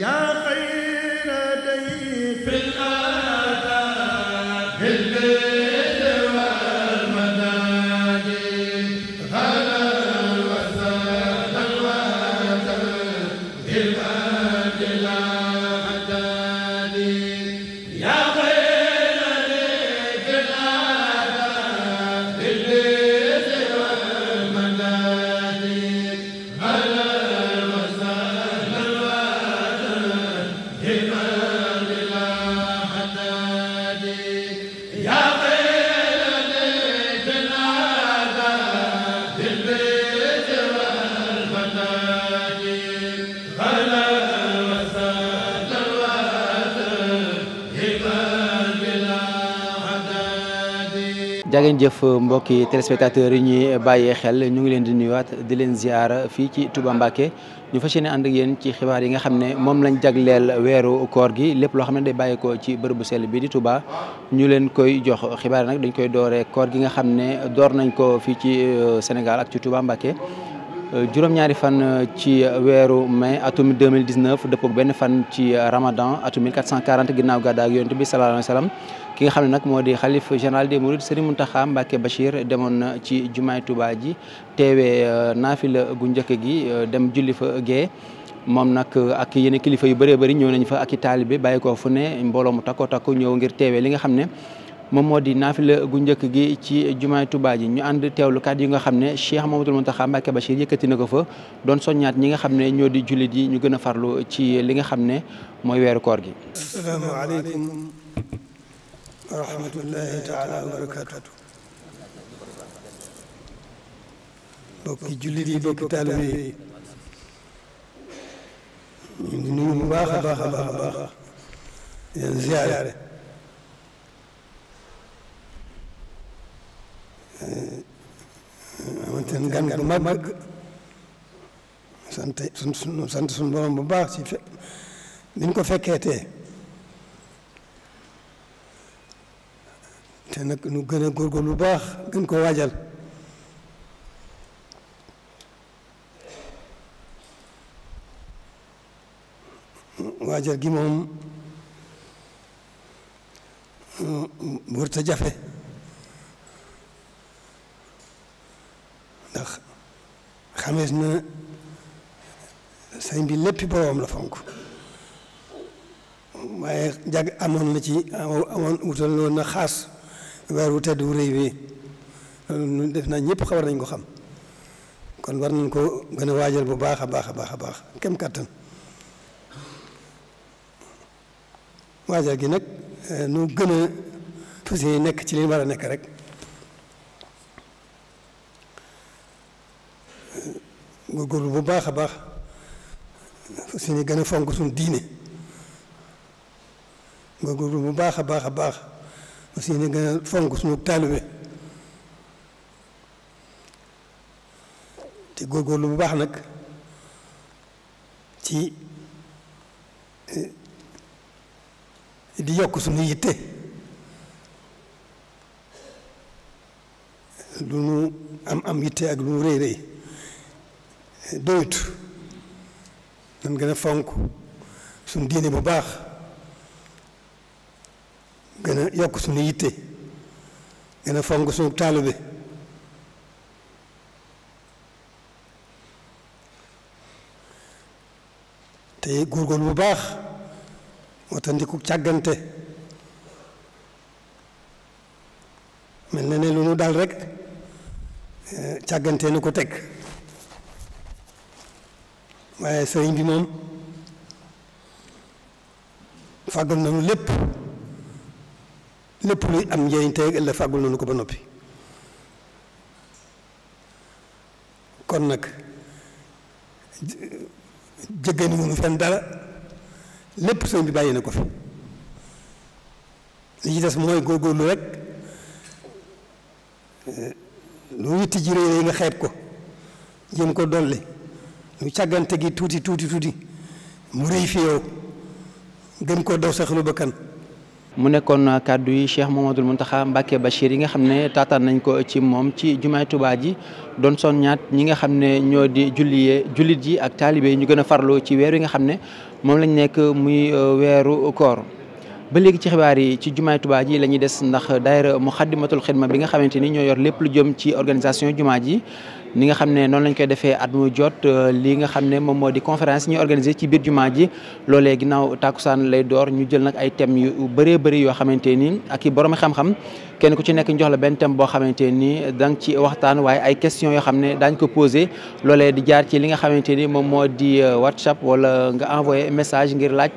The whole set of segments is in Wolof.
yaa jageen jëf mbokki téléspectateurs yi ñuy bàyyee xel ñu ngi leen di nuyuwaat di leen ziar fii ci Touba Mbacké ñu fas yéene ànd ak ci xibaar yi nga xam ne moom lañ jagleel weeru koor gi lépp loo xam ne day bàyyeekoo ci bërëb bu sell bi di Touba ñu leen koy jox xibaar yi nag dañ koy dooree koor gi nga xam ne door nañ ko fii ci euh, Sénégal ak ci Touba Mbacké Euh, juróom-ñaari fan euh, ci weeru mai atum 2019 dëppoo benn fan ci euh, ramadan atum 1440 ginnaaw gàddaay ak yonent bi sallallahu alayhi wa ki nga xam ne nag moo di xalif général des mourides Serigne Mountakha Mbacké Bachir demoon na ci jumaay Touba ji teewee naafila gu njëkk gi dem julli fa gee moom nag ak yenn kilifa yu bëree bëri ñëw nañ fa ak i taalibe bàyyi ko fu ne mbooloo mu takko takko ñëw ngir teewe li nga xam ne moom moo di naafila gu njëkk gi ci jumaay Tuubaa ji ñu ànd teewlu kàddu yi nga xam ne Cheikh Mamadou Mountakha Mbacké Bachir yëkkati na ko fa doon soññaat ñi nga xam ne ñoo di jullit yi ñu gën a farlu ci li nga xam ne mooy weeru koor gi. asalaamu bokki jullit yi bokki taalibe yi ñu ngi nuyu bu baax a baax a baax a ziyaare gan gu mag sant sun sant suñu borom bu baax ci fe niñ ko fekkee tee te nag nu gën a góorgóorlu bu baax gën ko waajal waajal gi moom mm, mm, wërta jafe ndax xamees na sëñ bi léppi boroom la fonk waaye jag amoon na ci amoon wutal loolu na xaas weer wu tedd wu rëy def naa ñëpp xawar nañ ko xam kon war nañ ko gën waajal bu baax a baax a baax a baax kem kàttan waajal gi nag eh, nu gën a fas nekk ci li war a nekk rek góorgóorlu bu baax a baax suñu gën a fonk suñu diine góorgóorlu bu baax a baax a baax suñu gën a fonk suñu taalibe te góorgóorlu bu baax nag ci eh, di yokk suñu yitte lu nu am am yitte ak lu nu rëy doyut nan gën a fonk suñu diine bu baax gën a yokk suñu yitte gën a fonk suñu taalibe te góorgóorlu bu baax moo tax ndiku càggante mel na ne lu daal rek eh, càggante nu ko teg waaye sëriñ bi moom fàggal nañu lépp lépp luy am njëriñ tey ëllëg fàggul nañu ko ba noppi kon nag jëggani wunu fenn dara lépp sëriñ bi bàyyi na ko fi li ci des mooy góorgóorlu rek lu witti ji yi nga xeeb ko jëm ko dolli lu càggante gi tuuti tuuti tuuti mu rëy fi yow gën koo daw sax lu bakkan mu nekkoon kàddu yi Cheikh mun taxa Mbacké Bachir yi nga xam ne taataan nañ ko ci moom ci jumaay Tuubaa ji doon son ñaat ñi nga xam ne ñoo di julliyee jullit yi ak taalibe yi ñu gën a farlu ci weer yi nga xam ne moom lañ nekk muy euh, weeru koor ba léegi ci xibaar yi ci jumaay Tuubaa ji la ñuy des ndax daayira Muxaddamatul Xidma bi nga xamante ni ñoo yor lépp lu jëm ci organisation jumaa ji ni nga xam ne noonu lañ koy defee at mu jot li nga xam ne moom moo di conférence ñuy organisé ci biir jumaa ji loolee ginnaaw tàkkusaan lay door ñu jël nag ay thèmes yu bëree bëri yoo xamante ni ak i borom xam-xam kenn ku ci nekk ñu la benn thème boo xamante ni da nga ci waxtaan waaye ay question yoo xam ne daañ ko posé loole di jaar ci li xamante ni moom moo di euh, WhatsApp wala nga envoyé message ngir laaj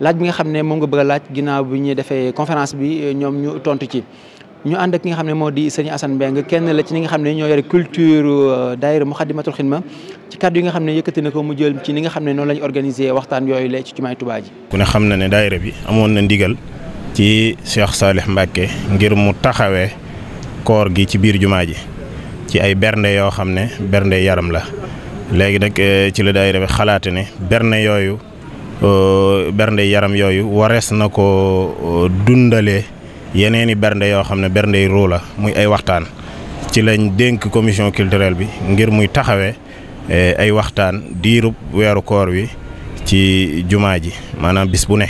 laaj bi nga xam ne moom nga bëgg laaj ginnaaw bi ñu defee conférence bi euh, ñoom ñu tontu ci ñu ànd ak ki nga xam ne moo di sëñ Assane Mbengue kenn la ci ñi nga xam ne ñoo yore culture euh, daayira Muxaddamatul Xidma ci kàddu yi nga xam ne yëkkati na ko mu jël ci ni nga xam ne noonu la ñu organisé waxtaan yooyu la ci jumaay Tuubaa ku ne xam na ne daayira bi amoon na ndigal ci Cheikh Salih Mbacke ngir mu taxawee koor gi ci biir jumaa ji ci ay bernde yoo xam ne bernde yaram la léegi nag euh, ci la daayira bi xalaate ne bernde yooyu. Euh, bernde yaram yooyu warees na ko euh, dundalee yeneeni bernde yoo xam ne bernde yi ruu la muy ay waxtaan ci lañ dénk commission culturelle bi ngir muy taxawee eh, ay waxtaan diirub weeru koor wi ci jumaa ji maanaam bis bu ne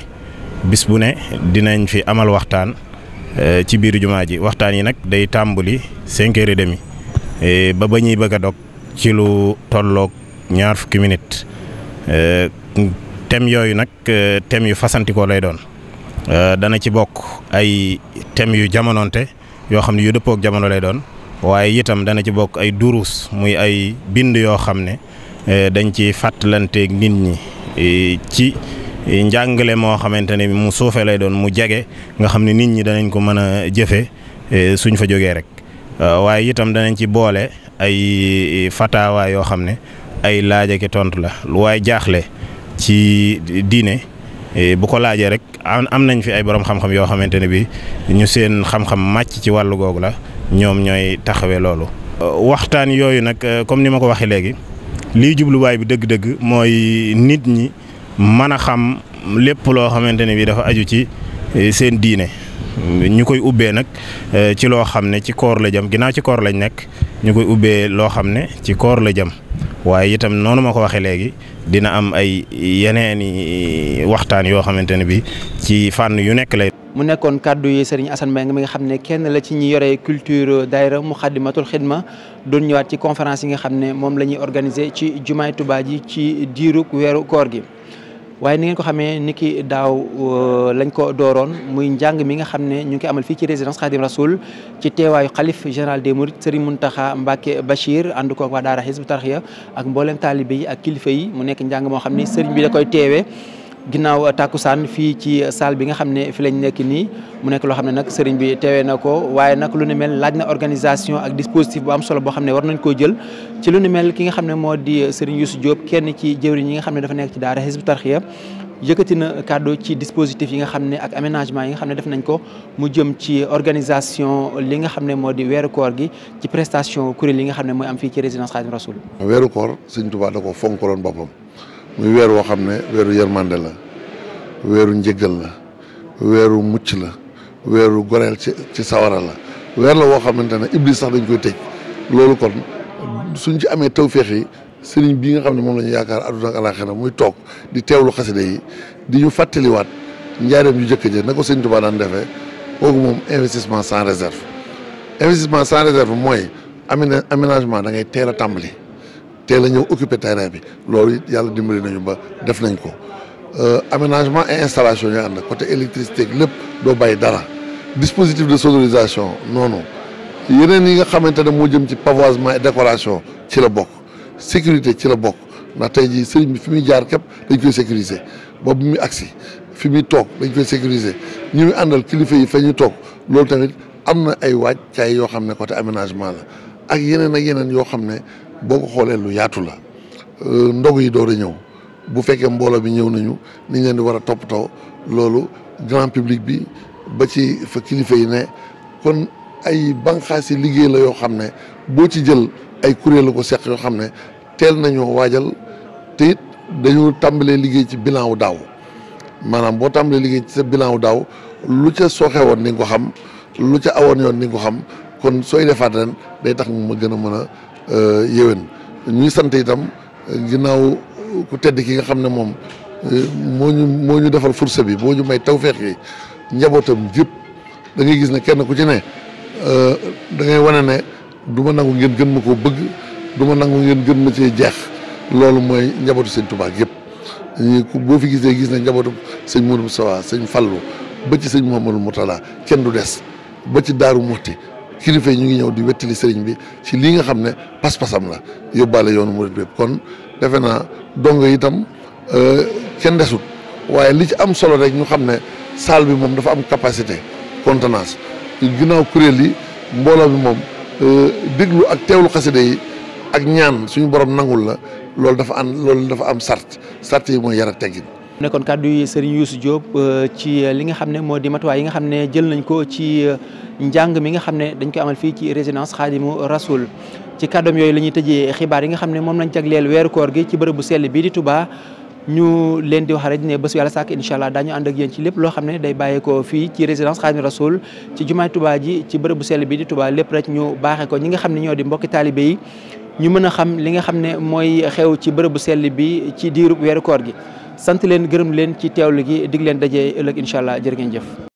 bis bu ne dinañ fi amal waxtaan eh, ci biir jumaa ji waxtaan yi nag day tàmbali cinq heures et demi eh, ba ba ñuy bëgg a dog ci lu tollook ñaar fukki minutes thèmes yooyu nag euh, thèmes yu fasantikoo lay doon euh, dana ci bokk ay thèmes yu jamononte yoo xam ne yu dëppook jamono lay doon waaye itam dana ci bokk ay duruus muy ay bind yoo xam ne euh, dañ ci fàttalanteeg nit ñi e, ci njàngale moo xamante ne mu suufe lay doon mu jege nga xam ne nit ñi danañ ko mën a jëfe e, suñ fa jógee rek waaye itam danañ ci boole ay e, fataawa yoo xam ne ay laaj ak i tontu la lu waaye jaaxle ci diine e, bu ko laajee rek am nañ fi ay borom xam-xam yoo xamante ne bi ñu seen xam-xam màcc ci wàllu googu la ñoom ñooy taxawee loolu. waxtaan yooyu nag e, comme ni ma ko waxee léegi lii jubluwaay bi dëgg-dëgg mooy nit ñi mën a xam lépp loo xamante ne bi dafa aju ci e, seen diine. ñu koy ubbee nag ci loo xam ne ci koor la jëm ginnaaw ci koor lañ nekk ñu koy ubbee loo xam ne ci koor la jëm. waaye itam noonu ma ko waxee léegi dina am ay yeneeni waxtaan yoo xamante ne bi ci fànn yu nekk lay. mu nekkoon kàddu yi Serigne Assane Mbengue mi nga xam ne kenn la ci ñi yore culture daayira Muxaddamatul Xidma doon ñëwaat ci conférence yi nga xam ne moom la ñuy organiser ci jumaay Tuubaa ji ci diirug weeru koor gi. waaye ni ngeen ko xamee ni ki daaw euh, lañ ko dooroon muy njàng mi nga xam ne ñu ngi koy amal fii ci résidence Khadim Rasoul ci teewaayu xalif général des Mourides Serigne Mountakha Mbacké Bachir ànd ko waa daara Hizbut Tarqiyyah ak mboolem taalibe yi ak kilifa yi mu nekk njàng moo xam ne Serigne bi da koy teewee. ginnaaw takkusaan fii ci salle bi nga xam ne fi lañ nekk nii mu nekk loo xam ne nag sëriñ bi teewee na ko waaye nag lu ni mel laaj na organisation ak dispositif bu am solo boo xam ne war nañ koo jël ci lu ni mel ki nga xam ne moo di sëriñ Youssou Diop kenn ci jëwriñ yi nga xam ne dafa nekk ci daara Hizbut Tarqiyyah yëkkati na kàddu ci dispositif yi nga xam ne ak aménagement yi nga xam ne def nañ ko mu jëm ci organisation li nga xam ne moo di weeru koor gi ci prestation kuréel yi nga xam ne mooy am fii ci résidence Khadim Rasoul weeru koor sëriñ Touba da ko fonkaloon boppam muy weer woo xam ne weeru yërmande la weeru njëgal la weeru mucc la weeru goreel ci ci sawara la weer la woo xamante ne iblis sax dañ koy tëj loolu kon suñ ci amee tew feex yi sëriñ bii nga xam ne moom la ñu yaakaar àdduna ak na muy toog di teew teewlu xasida yi di ñu fàttaliwaat njaareem yu jëkk ja na ko sëriñ Tuubaa daan defee kooku moom investissement sans réserve investissement sans réserve mooy aménagement da ngay teel a tàmbali teel a ñëw occuper terrain bi loolu yàlla dimbali nañu ba def nañ ko euh, aménagement et installation ñooy ànd côté électricité lépp doo bàyyi dara dispositif de sonorisation noonu yeneen yi nga xamante ne moo jëm ci pavoisement et décoration ci la bokk sécurité ci la bokk ndax tey jii sëriñ bi fi muy jaar képp dañ koy sécuriser boobu muy agsi fi muy toog dañ koy sécuriser ñu muy àndal kilifa yi fa ñu toog loolu tamit am na ay waaj caay yoo xam ne côté aménagement la ak yeneen ak yeneen yoo xam ne boo ko xoolee lu yaatu la euh, ndog yi door a ñëw bu fekkee mbooloo bi ñëw nañu ni ñu leen di war a toppatoo loolu grand public bi ba ci fa kilifa yi ne kon ay banqaas yi liggéey la yoo xam ne boo ci jël ay kuréel la ko seq yoo xam ne teel nañoo waajal te it dañu tàmbalee liggéey ci bilan wu daaw maanaam boo tàmbalee liggéey ci sa bilan wu daaw lu ca sooxe woon ni nga ko xam lu ca awoon yoon ni nga ko xam kon sooy defaat ren day tax mu gën a mën a Euh, yéwén ñuy sant itam ginnaaw ku tedd ki nga xam ne moom euh, moo ñu moo ñu defal fursa bi boo ñu may tawféex yi njabootam jépp da ngay gis ne kenn ku ci ne euh, dangay wane ne du ma nangu ngeen gën ma koo bëgg du ma nangu ngeen gën ma cee jeex loolu mooy njabootu sëñ Tuubaa yëpp boo fi gisee gis na njabootu sëñ Mourou Sawa sëñ Fallou ba ci sëñ Mouhamadou Moutala kenn du des ba ci Daaru Muxti kilifa yi ñu ngi ñëw di wettali sëriñ bi ci lii nga xam ne pas-pasam la yóbbaale yoonu murit bépp kon defe naa dong itam euh, kenn desut waaye li ci am solo rek ñu xam ne salle bi moom dafa am capacité contenance ginnaaw kuréel yi mbooloo bi moom euh, déglu ak teewlu xaside yi ak ñaan suñu borom nangul la loolu dafa am loolu dafa am sart sart yi mooy yar ak teggin nekkoon kàddu yi Serigne Youssou Diop euh, ci euh, li nga xam ne moo di matuwaay yi nga xam ne jël nañ ko ci euh, njàng mi nga xam ne dañ koy amal fii ci résidence Khadimou Rasoul ci kàddoom yooyu la ñuy tëjee xibaar yi nga xam ne moom lañ jagleel weeru koor gi ci bërëb bu sell bii di Touba ñu leen di wax rek ne bés yàlla sàkk incha allah daañu ànd ak yéen lépp loo xam ne day bàyyeekoo fii ci résidence Khadimou Rasoul ci jumaay Touba ji ci bërëb bu sell bii di tubaa lépp rek ñu baaxee ko ñi nga xam ne ñoo di mbokki taalibe yi ñu mën a xam li nga xam ne mooy xew ci bërëb bu sell bi ci diirub weeru koor gi sant leen gërëm leen ci teewlu gi dig leen daje ëllëg incha allah jërë ngeen jëf.